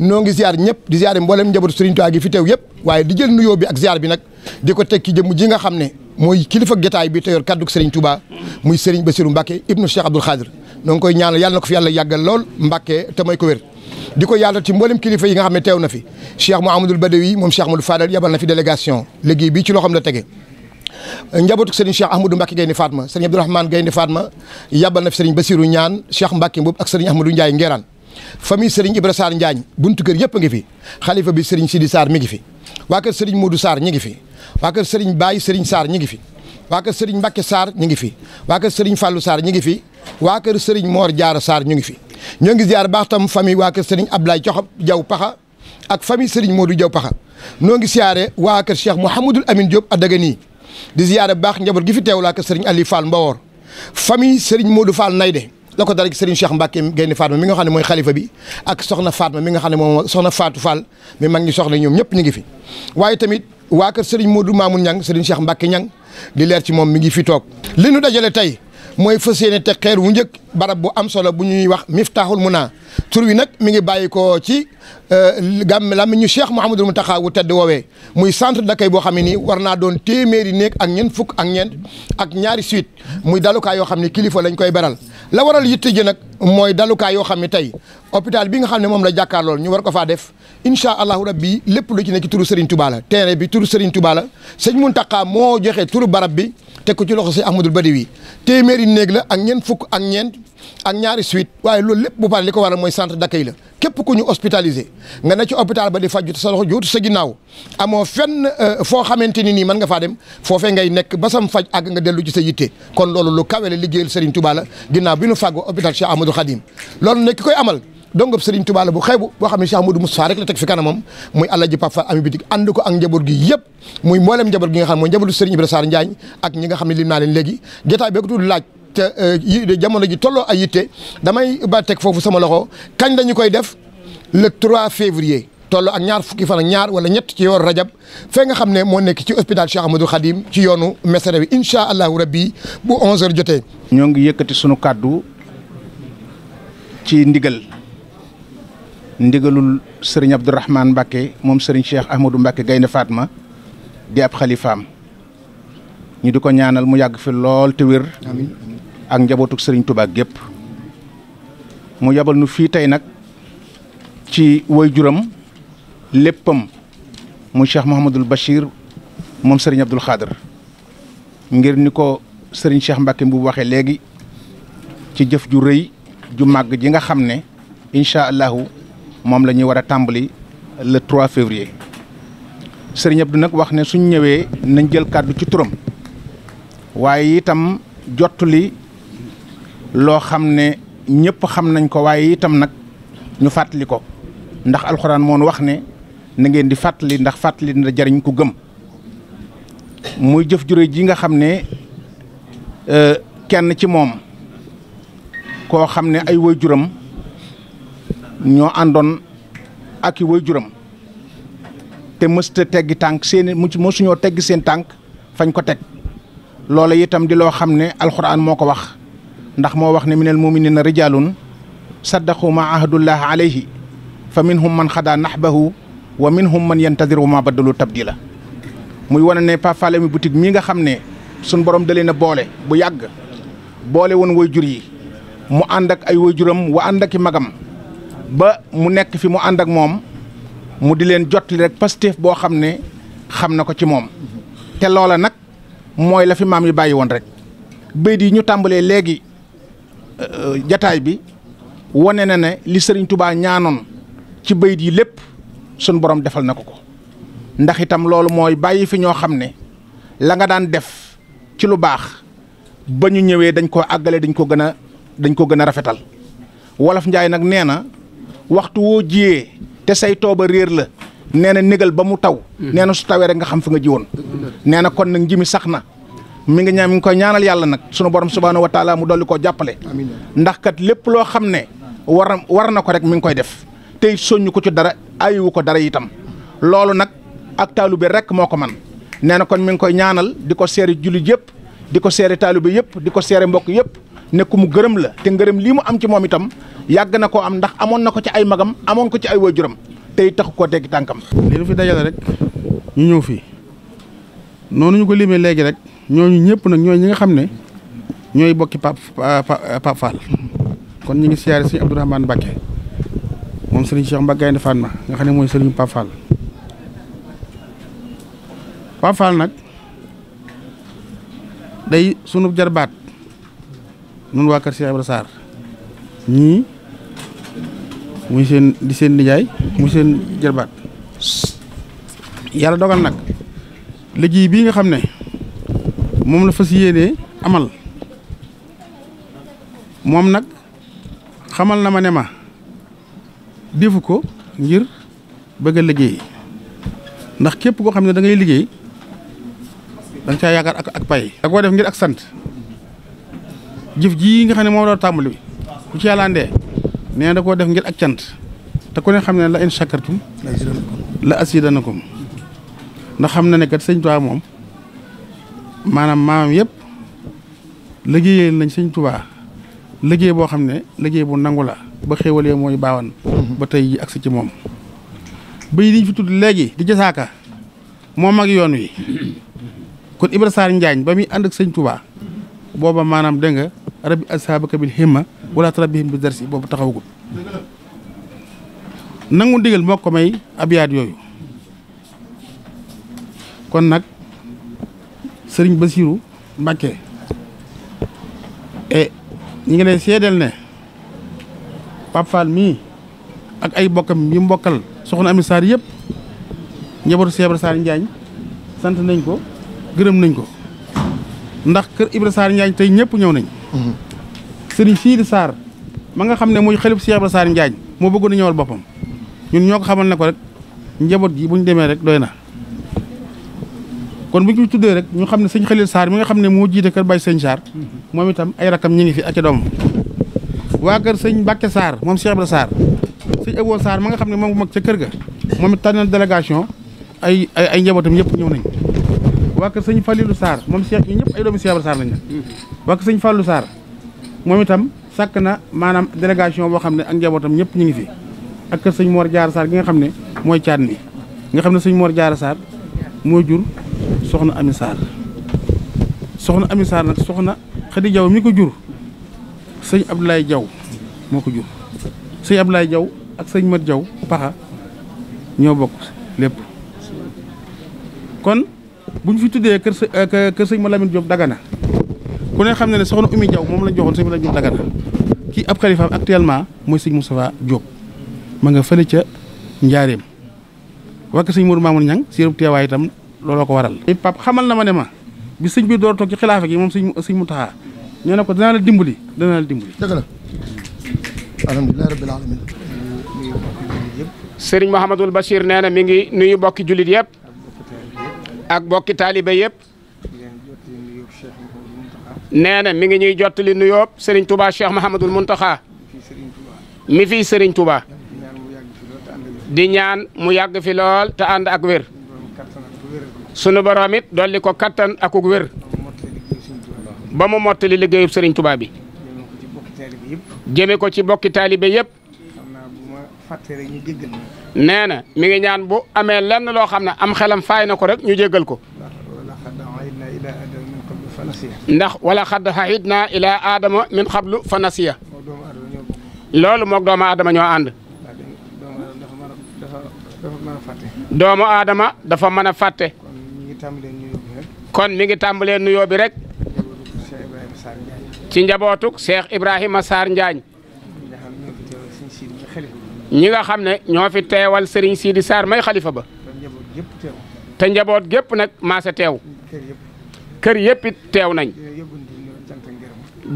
noo ngi ziar ñëpp di ziare mboolem njabootu Serigne a gi fi teew yëpp waaye di jël nuyoo bi ak ziar bi nag di ko teg ci jëmm ji nga xam ne mooy kilifa jotaay bi te yor kaddu Serigne Touba muy Serigne Bassirou Mbacké ibnu Cheikh Abdoul Khadir noo ngi koy ñaanal yàlla na ko fi yàlla yàggal lool Mbacké te may ko wér di ko yaatal ci mboolem kilifa yi nga xam ne teew na fi Cheikh Mouhamadoul Badawi moom Cheikh Amadou Fadal yabal na fi délégation liggéey bii ci loxoom la tege njabootu Serigne Cheikh Ahmadou Mbacké Gaynde Fatma Serigne Abdourahmane Gaynde Fatma yabal na fi Serigne Bassirou ñaan Cheikh Mbacké Mboup ak Serigne Ahmadou Ndiaye Ngeeraan famille Serigne Ibra saar Njaañ buntu kër yëpp a ngi fi xalifa bi Serigne Sidi saar mi ngi fi waa kër Serigne Modou Sarr ñi ngi fi waa kër Serigne Baye Serigne Sarr ñi ngi fi waa kër Serigne Mbacke Sarr ñi ngi fi waa kër Serigne Fallou Sarr ñi ngi fi waa kër Serigne moor Diarra saar ñu ngi fi ñoo ngi ziar baax tam famille waa kër Serigne Abdoulaye Coxab Jaw Paxa ak famille Serigne Modou Jaw Paxa noo ngi siyaare waa kër Cheikh Mouhamadul Amin Diop Adagani di ziare baax njaboot gi fi teewlaa kër Serigne Ali Fall Mbawor famille Serigne Modou Fall Nayde la dara Serigne Cheikh Mbacke Gaynde Fatma mi nga xam ne mooy xalifa bi ak soxna Fatma mi nga xam ne moom soxna Fatou Fall mi mag ñi soxna ñoom ñëpp ñu ngi fi waaye tamit waa kër Serigne Modou Mamoun Niang Serigne Cheikh Mbacke Niang di leer ci moom mi ngi fi toog li nu dajale tey mooy fas yéene teg xeer wu njëkk barab bu am solo bu ñuy wax miftaaxul naa tur wi nag mi ngi bàyyi ko ci euh, gàmm lam mi ñu Cheikh Mouhamadul Mountakha wu tedd woowee muy centre d'accueil boo xam ne nii war naa doon téeméeri néeg ak ñeent fukk ak ñeent ak ñaari suite muy dalukaay yoo xam ne kilifa lañ koy beral la waral yitte ji nag mooy dalukaay yoo xam ne tey hôpital bi nga xam ne moom la jàkkaar lool ñu war ko faa def incha allahu rabbi lépp lu ci nekk turu Serigne Touba la terrain bi turu Serigne Touba la sëñ Mountakha moo joxe turu barab bi teg ko ci loxo sëñ Ahmadul Badawi téeméeri néeg la ak ñeent fukk ak ñeent ak ñaari suite waaye loolu lépp bu pare li ko a mooy centre d'accueil la képp ku ñu hospitalisé nga ne ci hôpital ba di faju sa ginnaaw amoo fenn euh, foo xamante ni nii mën nga dem foofee ngay nekk ba sam faj àgg nga sa yitte kon loolu lu kawe la liggéeyal tubaala Touba la ginnaaw bi ñu fàggoo hôpital Cheikh Ahmadou Khadim loolu nag ki koy amal dongob Serigne Touba bu xeebu boo xam ne Cheikh Amadou Moustapha rek la teg fi kanamam muy Alaaji Pape Fall ami bitik ànd ko ak njaboot gi yëpp muy mboolem njaboot gi nga xam moo njabootu Serigne Ibrahima Sarr Njaañ nga xam ne lim naa leen léegi jotaay bi ko te euh, jamono ji tolloo ay yitte damay ba teg foofu sama loxo kañ lañu koy def le 3 février. tolloo ak ñaar fukki fan ñaar wala ñett ci yoon rajab fee nga xam ne moo nekk ci hôpital Cheikh Ahmadou Khadim ci yoonu Mesere bi incha allahu rabbi bu 11h jotee. ñoo ngi yëkkati sunu kàddu ci ndigal ndigalul sëriñ Abdourahman Mbacke moom sëriñ Cheikh Ahmadou Mbacke Gaynde Fatma di ab xalifaam ñu di ko ñaanal mu yàgg fi lool te wér. ak njabootuk sëriñ Tuubaa gépp mu yabal nu fii tey nag ci waajuram léppam mu Cheikh Mouhamadul Bachir moom sëriñ Abdul Xaadir ngir ni ko sëriñ Cheikh Mbacke bu waxee léegi ci jëf ju rëy ju màgg ji nga xam ne incha allahu moom la ñuy war a tàmbali le trois février sëriñ Abdou nag wax ne suñ ñëwee nañ jël kàddu ci turam waaye itam jottali loo xam ne ñëpp xam nañ ko waaye itam nag ñu fàttali ko ndax alxuraan moon wax ne na ngeen di fàttali ndax fàttali na jariñ ku gëm muy jëf jure ji nga xam ne euh, kenn ci moom koo xam ne ay waajuram ñoo àndoon ak i waajuram te mësta teggi tànk seeni mësuñoo teggi seen tànk fañ ko teg loola itam di loo xam ne alxuraan moo ko wax ndax moo wax ne minal muminina rijalun saddaqu ma ahadullah alayhi fa minhum man xadaa nahbahu wa minhum man yantadiru ma baddalu tabdila muy wane ne Pape Fallé mi mii nga xam ne suñ borom dalee na boole bu yàgg boole woon way jur yi mu ànd ak ay way juram wa ànd ak i magam ba mu nekk fi mu ànd ak moom mu di leen jottali rek pastéef boo xam ne xam na ko ci moom te loola nag mooy la fi maam yi bàyyi woon rek béykat yi ñu tàmbalee léegi Euh, jataay bi wane na ne li sëriñ tubaa ñaanoon ci bayit yi lépp suñ borom defal na ko ko ndax itam loolu mooy bàyyi fi ñoo xam ne la nga daan def ci lu baax ba ñu ñëwee dañ koo àggale dañ ko gën a dañ ko gën a rafetal wolof njaay nag nee na waxtu woo jiyee te say tooba réer la nee na négal ba mu taw hmm. nee na su tawee rek nga xam fi nga ji woon nee na kon nag nji mi sax na mi nga ñaan mi ngi koy ñaanal yàlla nag sunu borom subhaanahu wa taala mu dolli ko jàppale. ndax kat lépp loo xam ne war na war na ko rek mi ngi koy def tey soññu ko ci dara ayiwu ko dara itam loolu nag ak taalibe rek moo ko man nee na kon mi ngi koy ñaanal di ko seeri jullit yëpp di ko seeri taalibe yëpp di ko seere mbokk yëpp. ne mu gërëm la te ngërëm lii mu am ci moom itam yàgg na ko am ndax amoon na ko ci ay magam amoon ko ci ay waajuram tey taxu koo teggi tànkam. fi dajale rek ñu ñëw fii noonu ñu ko limee léegi rek ñooñu ñëpp nag ñooy ñi nga xam ne ñooy bokki Pape Pape Fall kon ñu ngi siyaare sëñ Abdourahmane Mbacké moom sëriñ Cheikh Mbacké Gaynde Fatma nga xam ne mooy sëriñ Pape Fall Pape Fall nag day sunu jarbaat nun waa kër Cheikh Ibra Sarr ñii muy seen di seen nijaay muy seen jarbaat yàlla dogal nag liggéey bii nga xam ne moom la fas yéenee amal moom nag xamal na ma ne ma defu ko ngir bëgg a liggéey ndax képp koo xam ne dangay liggéey da nga yaakaar ak ak pay da koo def ngir ak sant jëf ji nga xam ne moom la tàmbali ku ci yàlla andee nee da koo def ngir ak sant te ku xam ne la in shakartum la asidanakum ndax xam na ne kat sëñ Tuubaa moom maanaam maamam yëpp liggéeyal nañ sëñ tubaa liggéey boo xam ne liggéey bu nangu la ba xéewal yee mooy baawan mhm. ba tey ak si ci moom bëy diñ fi tudd léegi di jasaaka moo mag yoon wi kon Ibra Sarr Njaañ ba muy ànd ak sëñ Tuubaa booba maanaam dégg nga rabbi asaabaka bil himma wala tarabbihim bi darsi boobu taxawagul nangu ndigal moo ko may abiyaat yooyu kon nag sëriñ Basiiru Mbàkke e ñi ngi lay seedeel ne Pape Fall mii ak ay bokkam yi mbokkal soxna Ami Sarr yëpp njabootu Cheikh Ibra Njaañ sant nañ ko gërëm nañ ko ndax kër Ibra Sarr Njaañ tey ñëpp ñëw nañ mhm. sëriñ Siidi Sarr ma nga xam ne muy xelif Cheikh saar Njaañ moo bëggoon a ñëwal boppam ñun ñoo ko xamal ne ko rek njaboot gi bu ñu demee rek doy na kon bu ñu tuddee rek ñu xam ne sëñ Xalil saar mi nga xam ne moo jiite kër Baye sëñ Sarr moom itam ay rakam ñi ngi fi ak i doom waa kër sëñ Mbacke Sarr moom Cheikh Ibra Sarr sëñ Abo Sarr ma nga xam ne moom bu mag ca kër ga moom it tànnal délégation ay ay ay yëpp ñëw nañ waa sëñ Falilou Sarr moom Cheikh yi ñëpp ay doomi Cheikh Ibra Sarr lañ waa kër sëñ Fallou moom itam sàkk na maanaam délégation boo xam ne ak njabootam ñëpp ñu ngi fi ak sëñ Mor Diarra Sarr gi nga xam ne mooy caat mi nga xam ne sëñ Mor Diarra saar mooy jur soxna Amy Sarr soxna Amy soxna Khady Diaw mi ko jur sëñ Abdoulaye Diaw moo ko jur sëñ Abdoulaye Diaw ak sëñ Mat Diaw paxa ñoo bokk lépp kon bu ñu fi tuddee kër sa euh, kër sëñ Malamine Diop Dagana ku ne xam ne ne soxna Oumy Diaw moom la joxoon sëñ Malamine Diop Dagana kii ab xalifaam actuellement mooy sëñ Moustapha Diop ma nga fële ca Njaareem wakk sëñ Mourou Mamoun Niang si yërëb teewaay itam looloo ko waral it pap xamal na ma ne ma bi sëñ bi door toog ci xilaafa gi moom sëñ sëñ Muntaxa nee na ko danaa la dimbali danaa la dimbali dëgg la alhamdulilah sëriñ Mouhamadul nee na mi ngi nuyu bokki jullit yëpp ak bokki taalibe yëpp nee na mi ngi ñuy jottali nuyoo sëriñ Touba Cheikh Mouhamadul Mountakha mi fii sëriñ Touba di ñaan mu yàgg fi lool te ànd ak wér sunu borom it dolli ko kattan akuk wér ba mu mottali liggéeyub sëriñ Tuubaa bi ko ci bokki taalibe yëpp nee na mi ngi ñaan bu amee lenn loo xam ne am xelam faay na ko rek ñu jéggal ko ndax wala xad xahid naa ilaa aadama min xablu fa nasiya loolu moog doomu aadama ñoo ànd doomu aadama dafa mën a kon mi ngi tàmbalee nuyoo bi rek. ci njabootuk Cheikh Ibrahima Sarr Njaañ. ñi nga xam ne ñoo fi teewal sëriñ Sidi Sarr may xalifa ba. te njaboot gépp nag maase teew. kër yëpp teew nañ.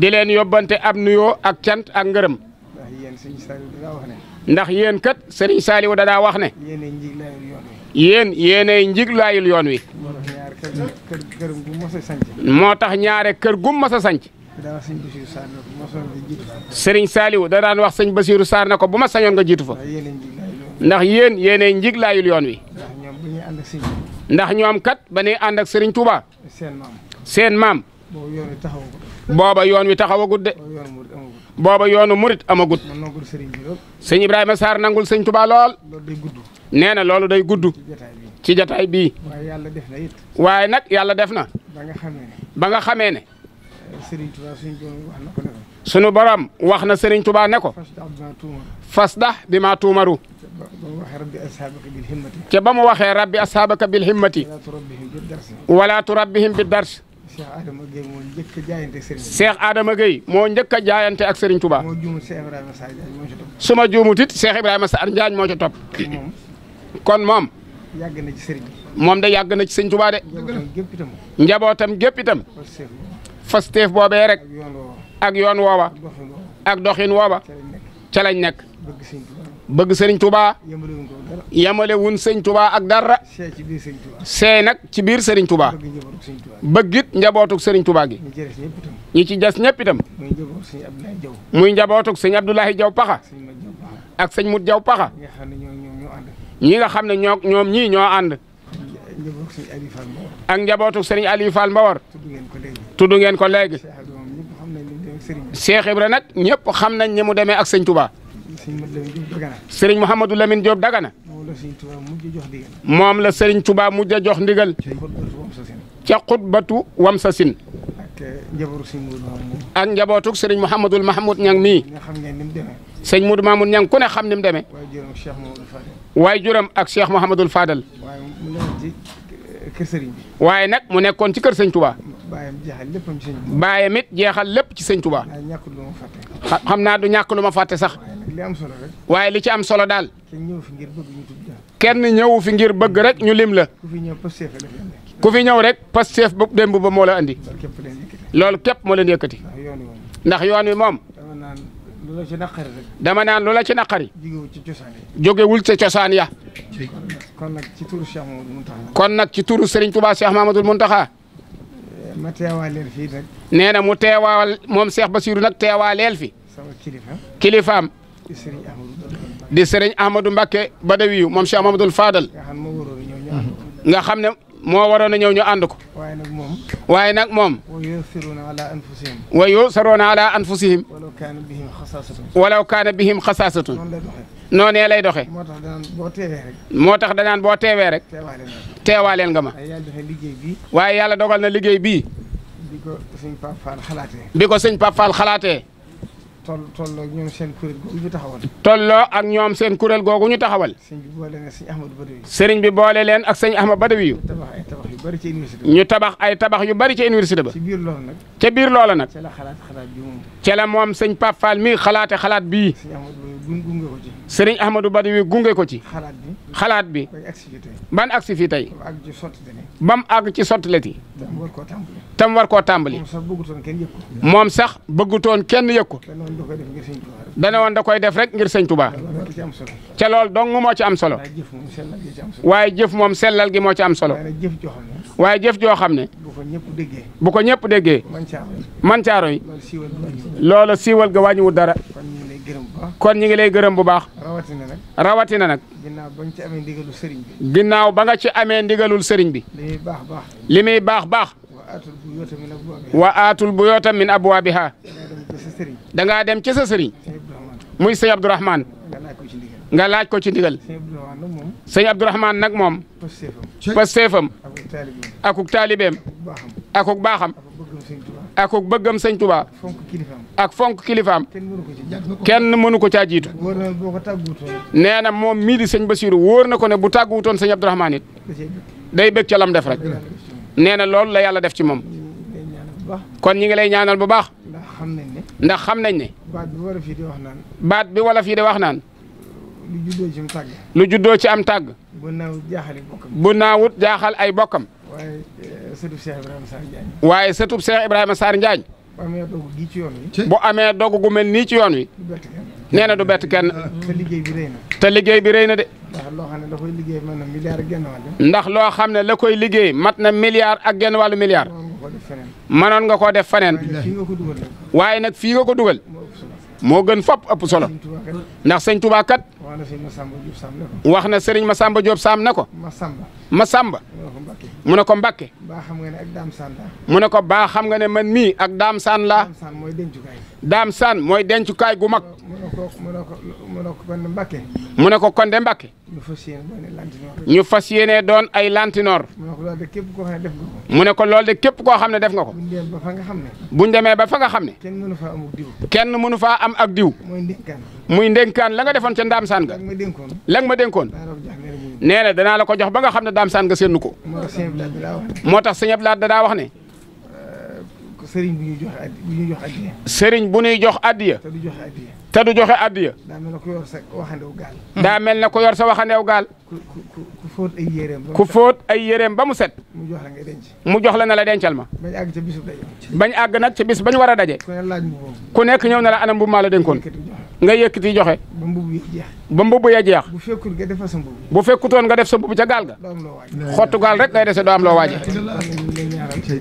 di leen yóbbante ab nuyoo ak cant ak ngërëm. ndax yéen kat Serigne Saliou da daa wax ne. yéen yéenay njiglaayul yoon wi. moo tax ñaare kër gum mas a sanc sëriñ Saliou da daan wax sëñ Basiirou saar na ko bu ma sañoon nga jiitu fa ndax yéen yéenay njiglaayul yoon wi ndax ñoom kat ba ne ànd ak sëriñ Touba seen maam booba yoon wi taxawagut de booba yoonu murit amagut sëñ Ibrahima Sarr nangul sëñ Touba lool nee loolu day gudd ci jataay bii. waaye yàlla def na it. waaye nag yàlla def na. ba nga xamee ne. ba nga xamee ne. Serigne Touba suñu wax na ko ne ko. sunu borom wax na Serigne Touba ne bi maa tuumaru. te ba mu waxee rabbi ashaabaka bil himmati. wala turabbihim bi dars. Cheikh Adama Gueye moo njëkk a jaayante ak Serigne Cheikh Adama Gueye moo njëkk jaayante ak Serigne Touba. moo juumut Cheikh Ibrahima Sarr Njaañ moo ca topp. moo ca topp. kon moom. yàgg na ci sëriñ moom de yàgg na ci sëñ Tuubaa de. njabootam gépp itam. fasteef boobee rek. ak yoon woowa. ak doxin woowa. ca lañ nekk. bëgg sëriñ Tuubaa. yamale wun sëñ tubaa ak dara. seey nag ci biir sëriñ Tuubaa. bëggit njabootuk sëriñ Tuubaa gi. ñi ci des ñëpp itam. muy njabootuk sëñ Abdoulahi Jaw Paxa. ak sëñ Mut Jaw Paxa. ñi nga xam ne ñoo ñoom ñii ñoo ànd. ak njabootu sëriñ Aliou Fall Mbawar. ngeen ko léegi. Cheikh re nag ñëpp xam nañ ne mu demee ak sëñ Touba. sëriñ Mouhamadou Lamine Diop Dagana. moom la sëriñ Touba mujj a jox ndigal. ca xutbatu Wamsasin. ak njabootu sëriñ Mouhamadou Mahmoud Niang mii. sëñ Modou Mamoun ñang ku ne xam ni mu demee. waaye juróom ak Cheikh Mouhamadul Fadal. waaye juróom ak Cheikh Mouhamadul Fadal. waaye mu nekkoon ci kër sëriñ bi. waaye nag mu nekkoon ci kër sëñ Touba. bàyyam jeexal lépp ci sëñ Touba. lépp ci sëñ Touba. xam naa du ñàkk lu ma fàtte sax. li am solo rek. waaye li ci am solo daal. kenn ñëw fi ngir bëgg kenn ñëw fi ngir bëgg rek ñu lim la. ku fi ñëw Pastef la fi andi. ku fi ñëw rek Pastef bu démb ba moo la andi. loolu képp moo leen yëkkati. ndax yoon wi moom loola ci naqari rek. dama naan loola ci naqari. jógewul ci cosaan ya. kon nag ci turu Cheikh Mamadou Mountakha. kon nag ci turu Serigne Touba Cheikh Mamadou Mountakha. Eh, ma teewaa leel fii nag. nee na mu teewaal moom Cheikh Bassirou nag teewaa leel fi. sama kilifaam. kilifaam. di Serigne Ahmadou. di Serigne Ahmadou Mbacke Badawiyu moom Cheikh nga xam ne moo waroon a ñëw ñu ànd ko. waaye nag moom. waaye nag moom. wa yusiruuna ala anfusihim. wa yusiruuna ala anfusihim. walaw kaana bihim xasaasatun. walaw kaana bihim xasaasatun. noonee lay doxee. moo tax danaan boo teewee moo tax danaan boo teewee rek. teewaaleel nga ma. waaye yàlla dogal na liggéey bii. bi ko sëñ Pape Fall xalaatee. bi ko sëñ Pape Fall xalaatee. toll tolloo ak ñoom seen kuréel googu ñu taxawal. tolloo ak ñoom seen kuréel googu ñu taxawal. sëriñ bi boole leen sëñ bi boole leen ak sëñ Ahmadu Badawi. bari ca ñu tabax ay tabax yu bari ca université ba. ci biir loola nag. ca biir loola nag. ca la xalaat xalaat bi ca la moom sëñ Pape Fall mi xalaate xalaat bii. sëriñ Ahmadou Badawi gunge ko ci. xalaat bi xalaat bi. ban agsi fii tey. ba mu àgg ci sottileti. tam war koo tàmbali. tam war koo tàmbali. moom sax bëggutoon kenn yëg ko. dana woon da koy def rek ngir sëñ Touba. ca loolu dong moo ci am solo. waaye jëf moom sellal gi moo ci am solo. waaye jëf joo xam ne. bu ko ñëpp déggee. man caaro loola siiwal ga wàññiwul dara. kon ñu ngi lay gërëm bu baax. rawatina na rawatina nag. ginnaaw ba nga ci amee ndigalul sëriñ bi. ginnaaw ba nga ci amee ndigalul sëriñ bi. li muy baax baax. li muy baax baax. wa aatul bu yootam min abwaabiha. da ngaa dem ci sa sëriñ. muy sëñ Abdourahmane nga laaj ko ci ndigal sëñ Abdourahmane nag moom pasteefam akuk taalibeem akuk baaxam akuk bëggam sëñ Tuubaa ak fonk kilifaam kenn mënu ko caa jiitu nee na moom mii di sëñ Basiiru wóor na ko ne bu tàgguwutoon sëñ Abdourahmane day bëgg ca lam def rek nee na loolu la yàlla def ci moom kon ñi ngi lay ñaanal bu baax ndax xam nañ ne baat bi wala fii de wax naan lu juddoo ci am tàgg. ci am tàgg. bu naawut jaaxal ay bokkam. bu naawut jaaxal ay bokkam. waaye eh, sëtub Cheikh Ibrahima Sarr Njaañ. waaye sëtub Cheikh Ibrahima Sarr Njaañ. bu amee dogu ci yoon wi. bu amee dogu mel nii ci yoon wi. nee na du bett kenn. te liggéey bi rëy na. te liggéey bi rëy na de. ndax loo xam ne da koy liggéey mat na milliard ak genn wàll. ndax loo xam ne la koy liggéey mat na milliard a genn wàllu milliard. mënoon nga koo def feneen. waaye nag fii nga ko dugal. moo gën fop ëpp solo. ndax sëñ Tuubaa wax na Serigne Massamba Diop Sam ne ko. wax na Serigne Massamba Diop Sam ne ko. Massamba. Massamba. mu ne ko Mbacke. baa xam nga ne ak Dame Sane mu ne ko baa xam nga ne man mii ak Dame Sane laa. Dame mooy dencukaay. Dame Sane mooy dencukaay gu mag. mu ne ko mu ne ko mu ne ko kon de Mbacke. mu ne ko kon de ñu fas yéene doon ay lantinoor. ñu fas ko loolu de képp koo xam def ko. mu ne ko loolu képp koo xam ne def nga ko. buñ ba fa nga xam ne. buñ demee ba fa nga xam ne. kenn mënu am ak diw. kenn mënu faa am ak diw. muy ndénkaan. la nga defoon ca Dame daamsaan nga la ma dénkoon nee danaa la ko jox ba nga xam ne daam daamsaan ga séenu ko moo tax sëñ Abdou Lahad danaa wax ne sëriñ euh, bu ñuy jox addiya sëriñ bu ñuy jox addiya te du te du joxe addiya. daa mel ne ku yor sa waxandew gaal. daa mel ne ku yor sa waxandew gaal. ku ku fóot ay yéreem. ba mu set mu set. mu jox la nga la dencal ma. bañ àgg bañ àgg nag ca bis bañ war a daje. ku ne ku nekk ñëw na la anam bu maa la dénkoon. nga yëkkati joxe. ba mbubb ya jeex. ba bu fekkul nga sa mbubb. bu fekkutoon nga def sa mbubb ca gaal ga. xottu gaal rek ngay dese doo am loo waaje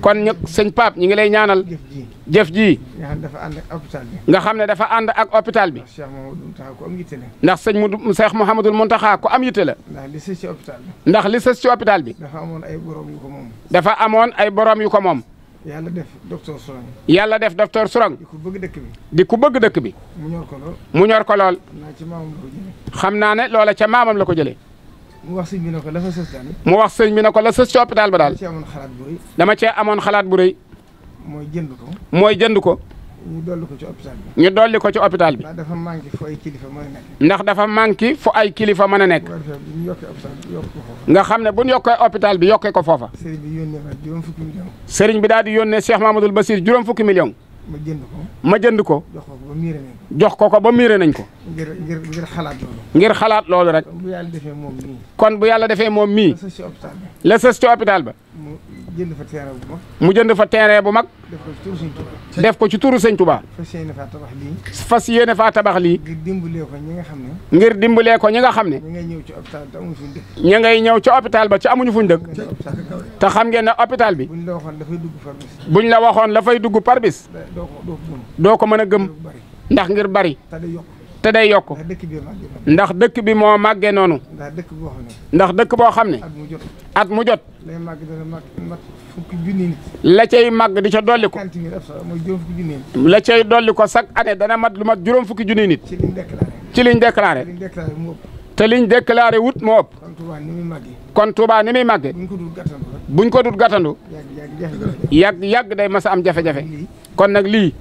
kon ñu sëñ Pape ñi ngi lay ñaanal jëf ji. nga xam ne dafa ànd ak hôpital bi. nga xam ne dafa ànd ak hôpital bi. ndax Cheikh Mouhamadul Mountakha ku am yitte la. ndax sëñ mu Cheikh Mouhamadul Mountakha ku am yitte la. ndax li sës ci hôpital bi. ndax li sës ci hôpital bi. dafa amoon ay borom yu ko moom. dafa amoon ay borom yu ko moom. yàlla def docteur Sorong. yàlla def docteur Sorong. di ku bëgg dëkk bi. di bëgg dëkk bi. mu ñor ko lool. mu ñor ko lool. xam naa ne loola ca maamam la ko jële mu wax sëñ bi ne ko la fa sës daal. wax sëñ bi ne ko la sës ci hôpital ba daal. dama cee amoon xalaat bu rëy mooy jënd ko. mooy jënd ko. ñu dolli ko ci hôpital bi. ñu ko ci hôpital bi. ndax dafa manqué fu ay kilifa mën a nekk. ndax dafa manqué fu ay kilifa mën a nekk. nga xam ne bu ñu yokkee hôpital bi yokkee ko foofa. sëriñ bi yónnee juróom fukki bi daal di yónnee Cheikh Mamadou Bassir juróom fukki million. ma jënd ko. ma jënd ko. jox ko ko. jox ko ko ba miire nañ ko. ngir xalaat loolu. ngir xalaat loolu rek. kon bu yàlla defee moom mii. kon yàlla defee moom mii. la sës ci hôpital bi. ba. jënd fa terrain bu mag. mu jënd fa terrain bu mag. def ko ci turu sëñ Touba. def ko ci turu sëñ Touba. fas yéene faa tabax lii. fas faa tabax lii. ngir dimbalee ko ñi nga xam ne. ngir dimbalee ko ñi nga xam ne. ña ngay ñëw ci hôpital te amuñu fuñ ña ngay ñëw ci hôpital ba ci amuñu fuñ dëkk. te xam ngeen ne hôpital bi. buñ la waxoon la fay dugg par bis. la waxoon la dugg par bis. doo ko mën a gëm ndax ngir bari. te day yokk te day yokk ndax dëkk bi moo màggee noonu ndax dëkk boo xam ne at mu jot la cay màgg di ca dolli ko la cay dolli ko chaque année dana mat lu mat juróom fukki junni nit ci liñ déclaré te liñ déclaré wut moo ëpp kon Touba ni muy màggee buñ ko dul gàttandu yàgg yàgg day masa am jafe-jafe kon nag lii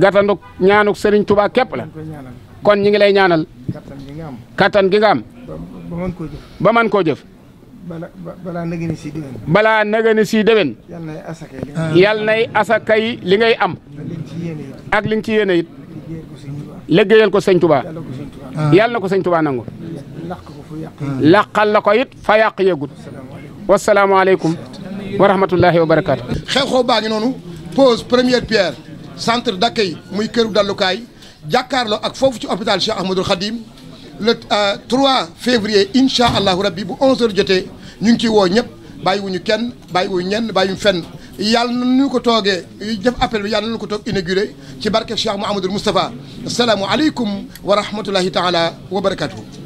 gàttanduk ñaanuk Serigne Touba képp la kon ñi ngi lay ñaanal kattan gi nga am ba mën koo jëf balaa nagani si déwén balaa nagani si déwén yal nay asaka yi li ngay am ak li ci yéene it liggéeyal ko sëñ Touba yal na ko sëñ Touba nangu laqal la ko it fa yàq yëgut wasalaamualeykum wa rahmatullahi wa barakaatu. xew xew baa ngi noonu. pose première pierre centre d'accueil muy këru dallukaay jàkkaarloo ak foofu ci hôpital Cheikh Ahmadoul Khadim le 3 euh, février incha allahu rabbi bu 11h jotee ñu ngi ciy woo ñëpp bàyyiwuñu kenn bàyyiwuñu ñenn bàyyiwuñu fenn yàlla na ñu ko toogee def appel bi yàlla na ñu ko toog inauguré ci barke Cheikh Mouhamadul Moustapha asalaamualeykum wa rahmatulahi taala wa barakatuhu